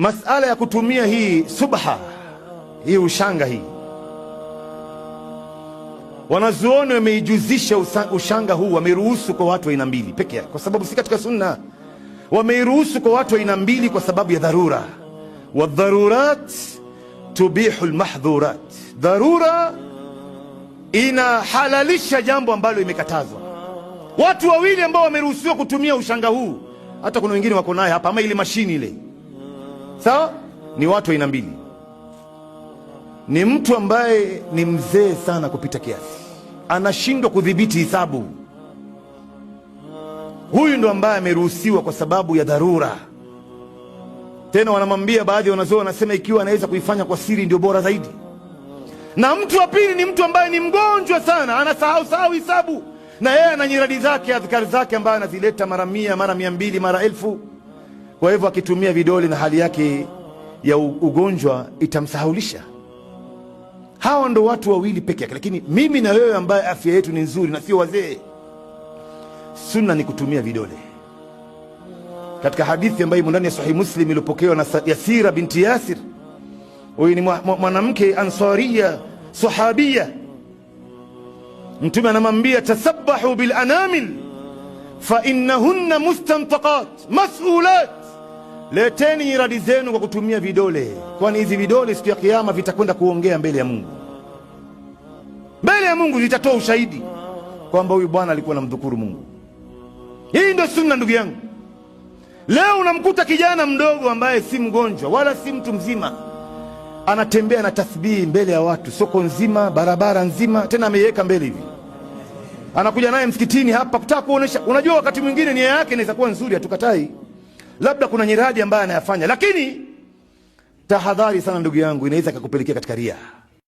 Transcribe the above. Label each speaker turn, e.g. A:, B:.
A: Masala ya kutumia hii subha hii ushanga hii, wanazuoni wameijuzisha ushanga huu, wameruhusu kwa watu aina mbili peke yake, kwa sababu si katika sunna. Wameiruhusu kwa watu aina mbili kwa sababu ya dharura. Wadharurat tubihu lmahdhurat, dharura inahalalisha jambo ambalo imekatazwa. Watu wawili ambao wameruhusiwa kutumia ushanga huu, hata kuna wengine wako naye hapa, ama ile mashini ile Sawa, ni watu aina mbili. Ni mtu ambaye ni mzee sana kupita kiasi, anashindwa kudhibiti hisabu. Huyu ndo ambaye ameruhusiwa kwa sababu ya dharura. Tena wanamwambia baadhi ya wanazuoni wanasema, ikiwa anaweza kuifanya kwa siri ndio bora zaidi. Na mtu wa pili ni mtu ambaye ni mgonjwa sana, anasahau sahau hisabu, na yeye ana nyiradi zake, adhkari zake ambaye anazileta mara mia, mara mia mbili, mara elfu kwa hivyo akitumia vidole na hali yake ya ugonjwa itamsahulisha. Hawa ndo watu wawili peke yake, lakini mimi na wewe ambaye afya yetu ni nzuri na sio wazee, sunna ni kutumia vidole. Katika hadithi ambayo imo ndani ya Sahihi Muslim iliyopokewa na Yasira binti Yasir, huyu ni mwanamke ansaria sahabia. Mtume anamwambia tasabbahu bil anamil fa innahunna mustantaqat masulat Leteni iradi zenu kwa kutumia vidole, kwani hizi vidole siku ya kiyama vitakwenda kuongea mbele ya Mungu. Mbele ya Mungu zitatoa ushahidi kwamba huyu bwana alikuwa anamdhukuru Mungu. Hii ndio sunna, ndugu yangu. Leo unamkuta kijana mdogo ambaye si mgonjwa wala si mtu mzima, anatembea na tasbihi mbele ya watu, soko nzima, barabara nzima, tena ameiweka mbele hivi, anakuja naye msikitini hapa kutaka kuonesha. Unajua, wakati mwingine nia yake inaweza kuwa nzuri, hatukatai labda kuna nyiradi ambaye anayafanya, lakini tahadhari sana ndugu yangu, inaweza kakupelekea katika ria.